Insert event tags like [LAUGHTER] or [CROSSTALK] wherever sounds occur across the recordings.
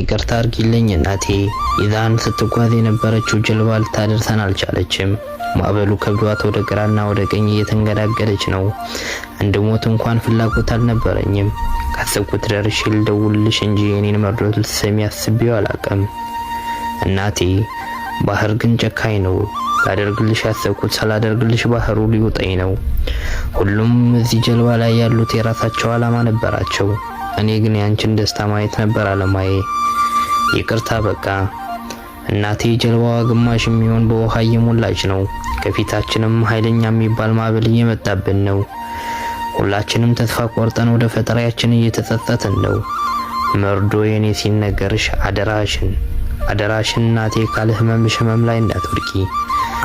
ይቅርታ አርጊልኝ እናቴ፣ ይዛን ስትጓዝ የነበረችው ጀልባ ልታደርሰን አልቻለችም። ማዕበሉ ከብዷት ወደ ግራና ወደ ቀኝ እየተንገዳገደች ነው። እንድሞት እንኳን ፍላጎት አልነበረኝም። ካሰብኩት ደርሽ ልደውልልሽ እንጂ የኔን መርዶት ልትሰሚ አስቤው አላቅም እናቴ። ባህር ግን ጨካኝ ነው። ላደርግልሽ ያሰብኩት ስላደርግልሽ ባህሩ ሊውጠኝ ነው። ሁሉም እዚህ ጀልባ ላይ ያሉት የራሳቸው ዓላማ ነበራቸው። እኔ ግን ያንቺን ደስታ ማየት ነበር አለማዬ። ይቅርታ በቃ እናቴ፣ ጀልባዋ ግማሽ የሚሆን በውሃ እየሞላች ነው። ከፊታችንም ኃይለኛ የሚባል ማዕበል እየመጣብን ነው። ሁላችንም ተስፋ ቆርጠን ወደ ፈጣሪያችን እየተጸጸትን ነው። መርዶ የኔ ሲነገርሽ አደራሽን አደራሽን እናቴ፣ ካለ ህመምሽ ህመም ላይ እንዳትወድቂ።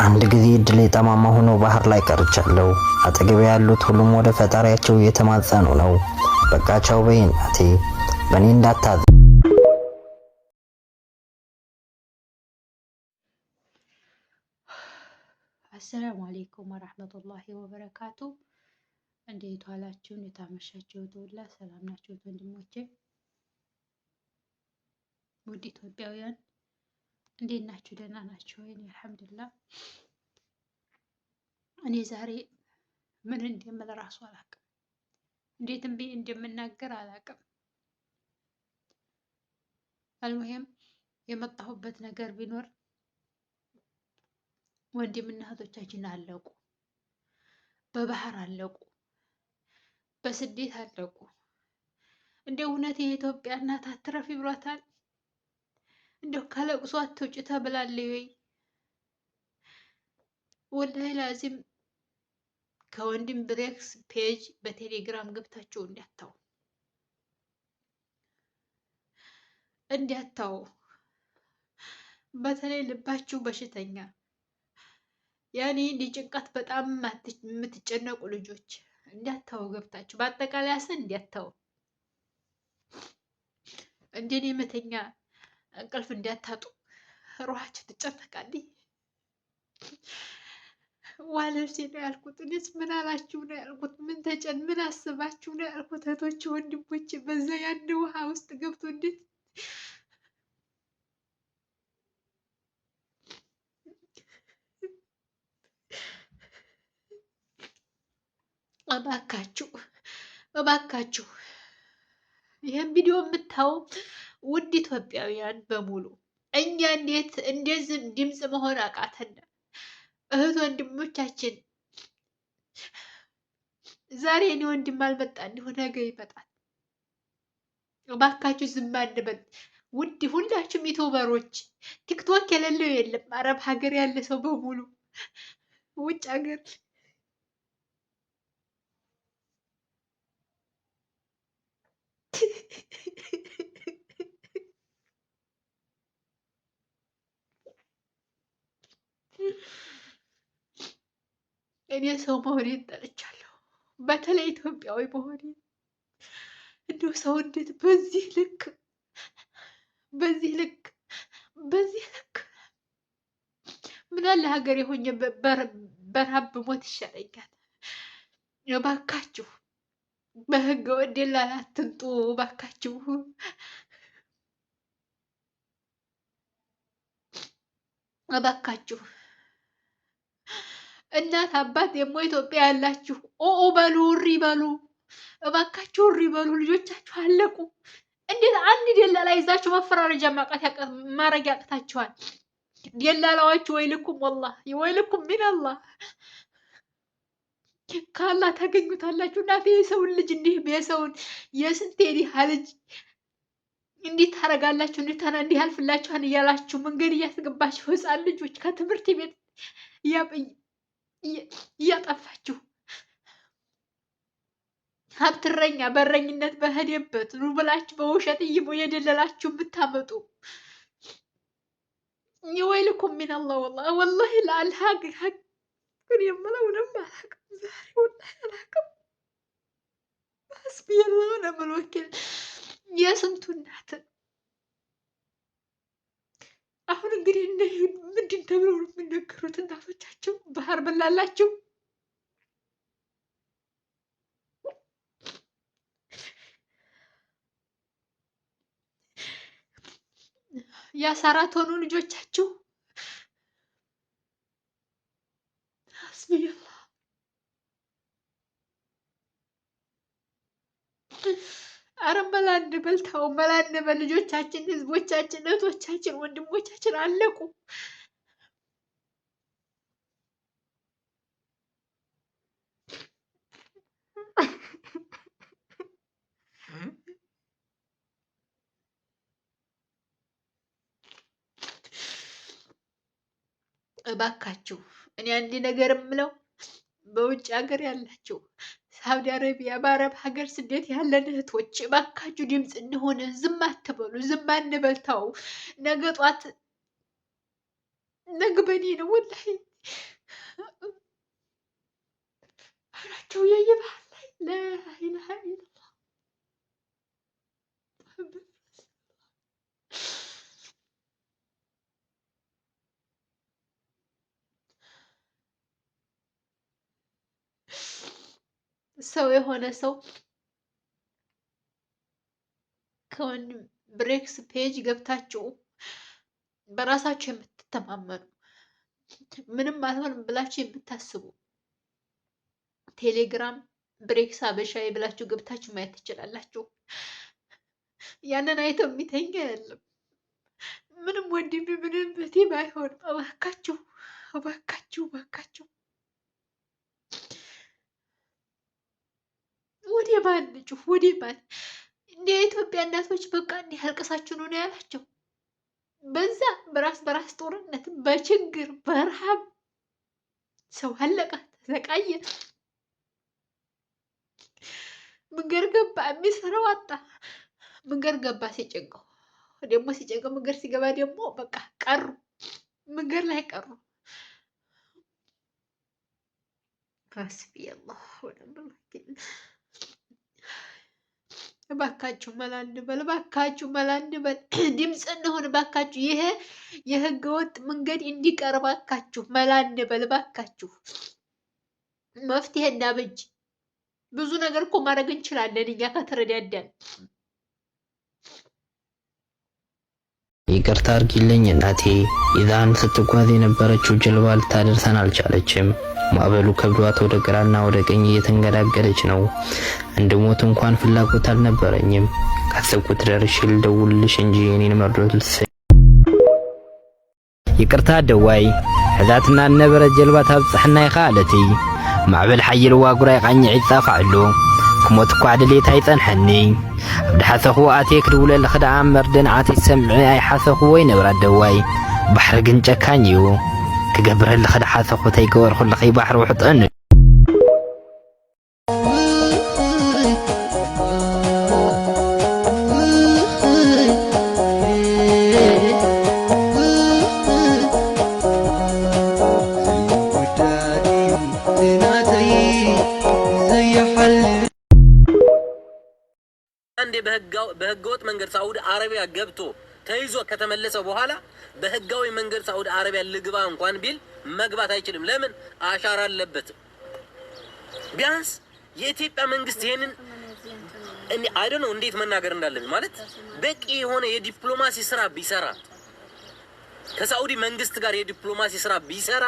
አንድ ጊዜ እድሌ ጠማማ ሆኖ ባህር ላይ ቀርቻለሁ። አጠገቤ ያሉት ሁሉም ወደ ፈጣሪያቸው እየተማጸኑ ነው። በቃ ቻው በይ እናቴ፣ በእኔ እንዳታዘ አሰላሙ አሌይኩም ወራህመቱላሂ ወበረካቱ። እንዴት ዋላችሁ? እንዴት አመሻችሁ? ሁላ ሰላም ናችሁ ወንድሞቼ፣ ውድ ኢትዮጵያውያን እንዴት ናችሁ? ደህና ናችሁ ወይ? አልሐምዱሊላህ። እኔ ዛሬ ምን እንደምል እራሱ አላውቅም። እንዴት እምቢ እንደምናገር አላውቅም። አልሙሄም የመጣሁበት ነገር ቢኖር ወንድምና እህቶቻችን አለቁ፣ በባህር አለቁ፣ በስደት አለቁ። እንደ እውነት የኢትዮጵያ እናት አትረፊ ብሏታል። እንደው ከለቅሶ አትውጭ ተብላለች ወይ? ወላሂ ላዚም ከወንድም ብሬክስ ፔጅ በቴሌግራም ገብታችሁ እንዲያታው እንዲያታው በተለይ ልባችሁ በሽተኛ ያኔ ጭንቀት በጣም የምትጨነቁ ልጆች እንዲያታው ገብታችሁ በአጠቃላይ አስን እንዲያታው እንደኔ መተኛ እንቅልፍ እንዲያታጡ ሩሃችሁ ትጨነቃለች። ዋለብሴ ነው ያልኩት። እኔስ ምን አላችሁ ነው ያልኩት። ምን ተጨን ምን አስባችሁ ነው ያልኩት። እህቶች ወንድሞች፣ በዛ ያንድ ውሃ ውስጥ ገብቶ እንዴት እባካችሁ እባካችሁ ይህን ቪዲዮ የምታው ውድ ኢትዮጵያውያን በሙሉ እኛ እንዴት እንደዚህ ድምፅ መሆን አቃተና እህት ወንድሞቻችን ዛሬ እኔ ወንድም አልመጣ እንዲሁ ነገ ይመጣል። እባካችሁ ዝም አንበል። ውድ ሁላችሁም ዩቱበሮች ቲክቶክ የሌለው የለም። አረብ ሀገር ያለ ሰው በሙሉ ውጭ ሀገር እኔ ሰው መሆኔን ጠልቻለሁ። በተለይ ኢትዮጵያዊ መሆኔን እንዲሁ ሰው እንዴት በዚህ ልክ በዚህ ልክ በዚህ ልክ ምናለ ሀገር የሆኘ በረሃብ ሞት ይሻለኛል። ባካችሁ በህገ ወድ ደላላ አትምጡ። ባካችሁ ባካችሁ እናት አባት ደግሞ ኢትዮጵያ ያላችሁ ኦ በሉ እሪ በሉ እባካችሁ ውሪ በሉ፣ ልጆቻችሁ አለቁ። እንዴት አንድ ደላላ ይዛችሁ መፈራረጃ ማድረግ ያቅታችኋል? ደላላዎች ወይልኩም ወላሂ ወይልኩም ሚነላህ ካላ ታገኙታላችሁ። እናት የሰውን ልጅ እንዲህ የሰውን የስንት ልጅ እንዴት ታረጋላችሁ፣ እንዲታና እንዲህ ያልፍላችኋን እያላችሁ መንገድ እያስገባችሁ ህፃን ልጆች ከትምህርት ቤት እያጠፋችሁ ሀብትረኛ በረኝነት በሄደበት ኑ ብላችሁ በውሸት እይሞ የደለላችሁ የምታመጡ ወይልኩም ሚን ወላ ወላሂ ለአልሀግ ግን የምለውንም አላውቅም። ዛሬ ወላሂ አላውቅም። ሀስቢ የለሆነ ምልወኪል የስንቱ እናትን እንግዲህ ምንድን ተብለው ነው የሚነገሩት? እናቶቻቸው ባህር በላላቸው የአሳራት ሆኑ ልጆቻቸው አስብያ አረ መላ እንበል ተው፣ ልጆቻችን፣ ህዝቦቻችን፣ እህቶቻችን፣ ወንድሞቻችን አለቁ። እባካችሁ እኔ አንድ ነገር የምለው በውጭ ሀገር ያላችሁ ሳውዲ አረቢያ፣ በአረብ ሀገር ስደት ያለን እህቶች ባካችሁ ድምፅ እንደሆነ ዝም አትበሉ፣ ዝም አንበልታው። ነገ ጧት ነግ በኔ ነው ወላሂ አላቸው የየባህል ላይ ላይላ ሰው የሆነ ሰው ብሬክስ ፔጅ ገብታችሁ በራሳችሁ የምትተማመኑ ምንም አልሆንም ብላችሁ የምታስቡ ቴሌግራም ብሬክስ አበሻዬ ብላችሁ ገብታችሁ ማየት ትችላላችሁ። ያንን አይተው የሚተኛ የለም። ምንም ወንድሜ ምንም ብቴ ባይሆን እባካችሁ እባካችሁ እባካችሁ ወደ ማን ጩፍ ወደ ማን እንደ የኢትዮጵያ እናቶች በቃ እንዲህ አልቅሳችሁ ነው ያላቸው። በዛ በራስ በራስ ጦርነት በችግር በረሃብ ሰው አለቀ፣ ተሰቃየ፣ መንገድ ገባ፣ የሚሰራው አጣ። መንገድ ገባ ሲጨንቀው ደግሞ ሲጨንቀው መንገድ ሲገባ ደግሞ በቃ ቀሩ፣ መንገድ ላይ ቀሩ። ራስ ብያላ እባካችሁ መላ እንበል፣ እባካችሁ መላ እንበል፣ [CLEARS THROAT] ድምፅ እንሆን እባካችሁ። ይሄ የህገወጥ መንገድ እንዲቀር እባካችሁ መላ እንበል፣ እባካችሁ መፍትሄ እናበጅ። ብዙ ነገር እኮ ማድረግ እንችላለን እኛ ከተረዳዳን። ይቅርታ አድርጊልኝ እናቴ፣ ይዛን ስትጓዝ የነበረችው ጀልባ ልታደርሰን አልቻለችም። ማዕበሉ ከብዷት ወደ ግራና ወደ ቀኝ እየተንገዳገደች ነው። እንድሞት እንኳን ፍላጎት አልነበረኝም። ካሰብኩት ደርሼ ልደውልልሽ እንጂ የኔን መርዶት ልትሰኝ ይቅርታ ደዋይ ሕዛትና ነበረ ጀልባ ታብፅሕና ኢኻ ኣለቲ ማዕበል ሓይል ዋጉራይ ቃኝዒ ይጻፋዕሉ ክሞት እኳ ድሌት ኣይጸንሐኒ ኣብ ድሓሰኽዎ ኣትየ ክድውለልኽ ደኣ መርደንዓተይ ሰምዒ ኣይሓሰኽዎ ይነብራ ደዋይ ባሕሪ ግን ጨካኝ እዩ كقبر اللي خد حاثة قوتي قوار خل لقي بحر وحط أنه عندي بهقوت من قرصاود عربي عقبته ተይዞ ከተመለሰ በኋላ በህጋዊ መንገድ ሳውዲ አረቢያ ልግባ እንኳን ቢል መግባት አይችልም። ለምን? አሻራ አለበትም። ቢያንስ የኢትዮጵያ መንግስት ይሄንን አይደ ነው እንዴት መናገር እንዳለብኝ ማለት በቂ የሆነ የዲፕሎማሲ ስራ ቢሰራ ከሳውዲ መንግስት ጋር የዲፕሎማሲ ስራ ቢሰራ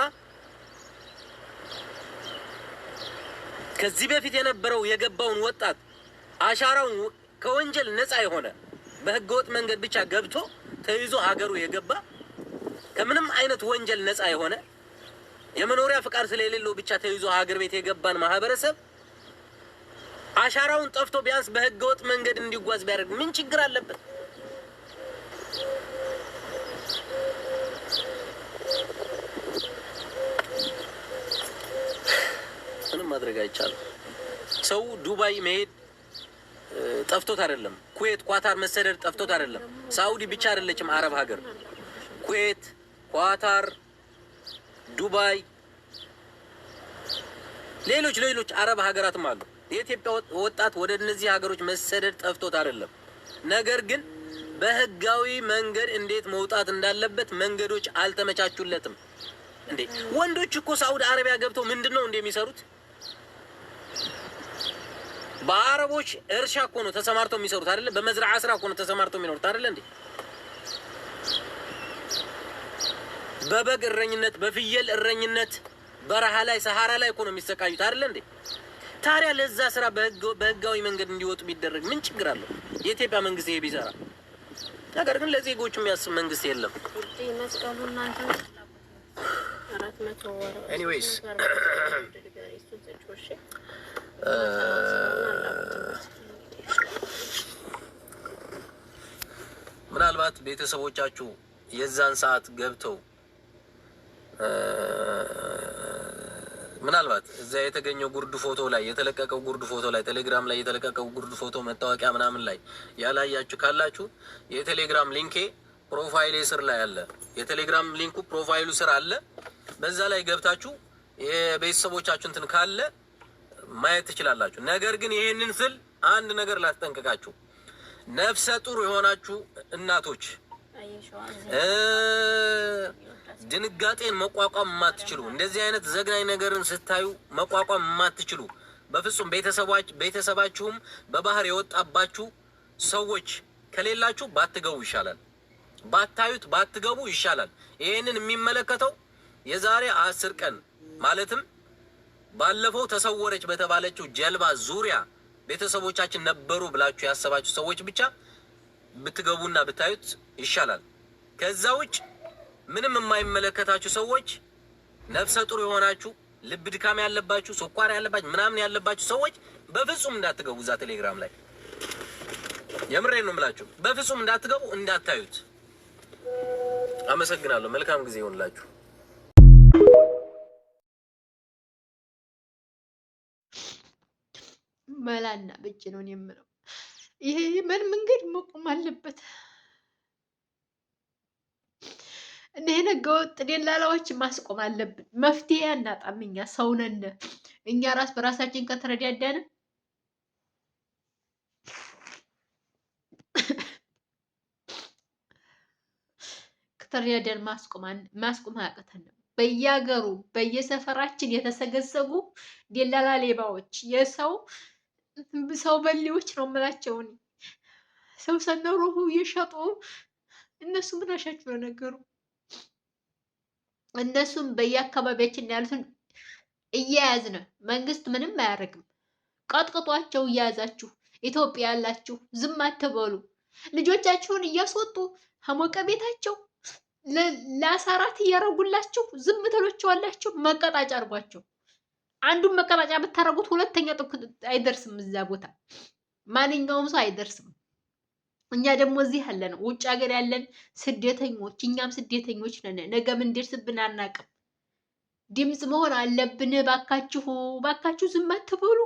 ከዚህ በፊት የነበረው የገባውን ወጣት አሻራውን ከወንጀል ነፃ የሆነ በህገወጥ መንገድ ብቻ ገብቶ ተይዞ ሀገሩ የገባ ከምንም አይነት ወንጀል ነፃ የሆነ የመኖሪያ ፍቃድ ስለሌለው ብቻ ተይዞ ሀገር ቤት የገባን ማህበረሰብ አሻራውን ጠፍቶ ቢያንስ በህገወጥ መንገድ እንዲጓዝ ቢያደርግ ምን ችግር አለበት? ምንም ማድረግ አይቻልም። ሰው ዱባይ መሄድ ጠፍቶት አይደለም። ኩዌት፣ ኳታር መሰደድ ጠፍቶት አይደለም። ሳኡዲ ብቻ አይደለችም አረብ ሀገር። ኩዌት፣ ኳታር፣ ዱባይ፣ ሌሎች ሌሎች አረብ ሀገራትም አሉ። የኢትዮጵያ ወጣት ወደ እነዚህ ሀገሮች መሰደድ ጠፍቶት አይደለም። ነገር ግን በህጋዊ መንገድ እንዴት መውጣት እንዳለበት መንገዶች አልተመቻቹለትም። እንዴ ወንዶች እኮ ሳውዲ አረቢያ ገብተው ምንድን ነው እንደሚሰሩት በአረቦች እርሻ እኮ ነው ተሰማርተው የሚሰሩት አይደለ? በመዝራዓ ስራ እኮ ነው ተሰማርተው የሚኖሩት አይደለ እንዴ? በበግ እረኝነት፣ በፍየል እረኝነት በረሃ ላይ ሰሃራ ላይ እኮ ነው የሚሰቃዩት አይደለ እንዴ? ታዲያ ለዛ ስራ በህጋዊ መንገድ እንዲወጡ ቢደረግ ምን ችግር አለው? የኢትዮጵያ መንግስት ይሄ ቢሰራ። ነገር ግን ለዜጎቹ የሚያስብ መንግስት የለም። ኤኒዌይስ ምናልባት ቤተሰቦቻችሁ የዛን ሰዓት ገብተው ምናልባት እዚያ የተገኘው ጉርድ ፎቶ ላይ የተለቀቀው ጉርድ ፎቶ ላይ ቴሌግራም ላይ የተለቀቀው ጉርድ ፎቶ መታወቂያ ምናምን ላይ ያላያችሁ ካላችሁ የቴሌግራም ሊንኬ ፕሮፋይሌ ስር ላይ አለ። የቴሌግራም ሊንኩ ፕሮፋይሉ ስር አለ። በዛ ላይ ገብታችሁ የቤተሰቦቻችሁ እንትን ካለ ማየት ትችላላችሁ። ነገር ግን ይህንን ስል አንድ ነገር ላስጠንቅቃችሁ፣ ነፍሰ ጡር የሆናችሁ እናቶች፣ ድንጋጤን መቋቋም የማትችሉ እንደዚህ አይነት ዘግናኝ ነገርን ስታዩ መቋቋም የማትችሉ በፍጹም ቤተሰባችሁም በባህር የወጣባችሁ ሰዎች ከሌላችሁ ባትገቡ ይሻላል። ባታዩት ባትገቡ ይሻላል። ይህንን የሚመለከተው የዛሬ አስር ቀን ማለትም ባለፈው ተሰወረች በተባለችው ጀልባ ዙሪያ ቤተሰቦቻችን ነበሩ ብላችሁ ያሰባችሁ ሰዎች ብቻ ብትገቡና ብታዩት ይሻላል። ከዛ ውጭ ምንም የማይመለከታችሁ ሰዎች፣ ነፍሰ ጡር የሆናችሁ፣ ልብ ድካም ያለባችሁ፣ ስኳር ያለባችሁ፣ ምናምን ያለባችሁ ሰዎች በፍጹም እንዳትገቡ እዛ ቴሌግራም ላይ የምሬ ነው የምላችሁ። በፍጹም እንዳትገቡ፣ እንዳታዩት። አመሰግናለሁ። መልካም ጊዜ ይሆንላችሁ። መላና በጅ ነው የምለው። ይሄ ምን መንገድ መቆም አለበት። እኔ እነህ ህገወጥ ደላላዎች ማስቆም አለብን። መፍትሄ አናጣም። እኛ ሰው ነን። እኛ ራስ በራሳችን ከተረዳዳን ከተረዳዳን ማስቆም አያቅተንም። በየሀገሩ በየሰፈራችን የተሰገሰጉ ደላላ ሌባዎች የሰው ሰው በሌዎች ነው የምላቸው እኔ። ሰው ሰነሮሁ እየሸጡ እነሱ ምን አሻቸው ነው እነሱም በየአካባቢያችን ያሉትን ነው። መንግስት ምንም አያደርግም። ቀጥቅጧቸው እያያዛችሁ ኢትዮጵያ ያላችሁ ዝም አትበሉ። ልጆቻችሁን እያስወጡ ከሞቀ ቤታቸው ለአሳራት እያረጉላችሁ ዝም ትሎችዋላችሁ። መቀጣጫ አድርጓቸው። አንዱን መቀመጫ ብታደርጉት ሁለተኛ ጥግ አይደርስም። እዛ ቦታ ማንኛውም ሰው አይደርስም። እኛ ደግሞ እዚህ ያለ ነው፣ ውጭ ሀገር ያለን ስደተኞች፣ እኛም ስደተኞች ነን። ነገ ምን ደርስብን አናቅም። ድምፅ መሆን አለብን። ባካችሁ ባካችሁ ዝም አትበሉ።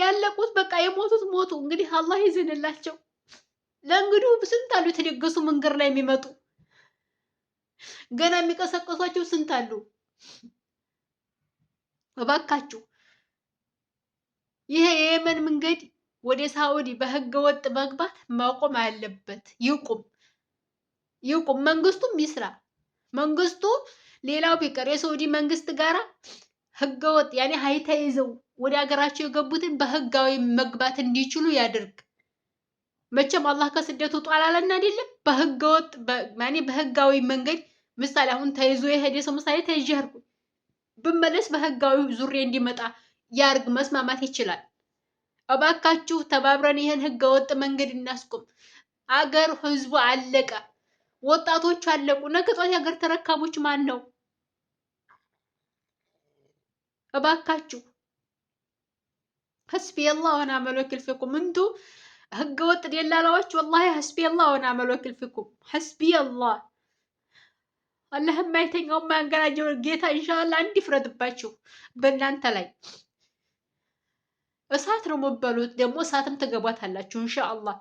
ያለቁት በቃ የሞቱት ሞቱ። እንግዲህ አላህ ይዘንላቸው። ለእንግዲሁ ስንት አሉ የተደገሱ መንገድ ላይ የሚመጡ ገና የሚቀሰቀሷቸው ስንት አሉ። እባካችሁ ይሄ የየመን መንገድ ወደ ሳውዲ በህገ ወጥ መግባት ማቆም አለበት። ይቁም ይቁም። መንግስቱም ይስራ። መንግስቱ ሌላው ቢቀር የሳውዲ መንግስት ጋራ ህገ ወጥ ያኔ ሀይታ ይዘው ወደ ሀገራቸው የገቡትን በህጋዊ መግባት እንዲችሉ ያድርግ። መቼም አላህ ከስደት ውጡ አላለን አይደለም። በህገ ወጥ በህጋዊ መንገድ ምሳሌ አሁን ተይዞ የሄደ ሰው ምሳሌ ተይዤ ብመለስ በህጋዊ ዙሬ እንዲመጣ ያርግ መስማማት ይችላል። እባካችሁ ተባብረን ይህን ህገ ወጥ መንገድ እናስቁም። አገር ህዝቡ አለቀ፣ ወጣቶች አለቁ። ነገ ጧት የሀገር ተረካቦች ማን ነው? እባካችሁ ህስቢ የላ ወኒዕመል መሎክል ፊኩም እንቱ ህገ ወጥ ደላላዎች ወላሂ ህስቢ የላ ወኒዕመል መሎክል ፊኩም ህስቢ አላህ አላህ የማይተኛው የማያንገራጀው ጌታ ኢንሻአላህ እንዲፍረድባችሁ በእናንተ ላይ። እሳት ነው የምትበሉት፣ ደግሞ እሳትም ትገቧታላችሁ ኢንሻአላህ።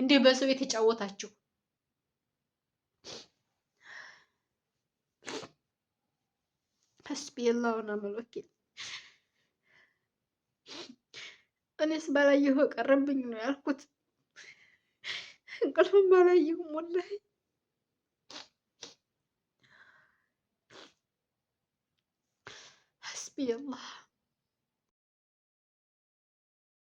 እንዲህ በሰው የተጫወታችሁ ሐስቢየላሁ ወኒዕመል ወኪል። እኔስ ባላየሁ ቀረብኝ ነው ያልኩት። እንቅልፍም ባላየሁም ወላሂ 别骂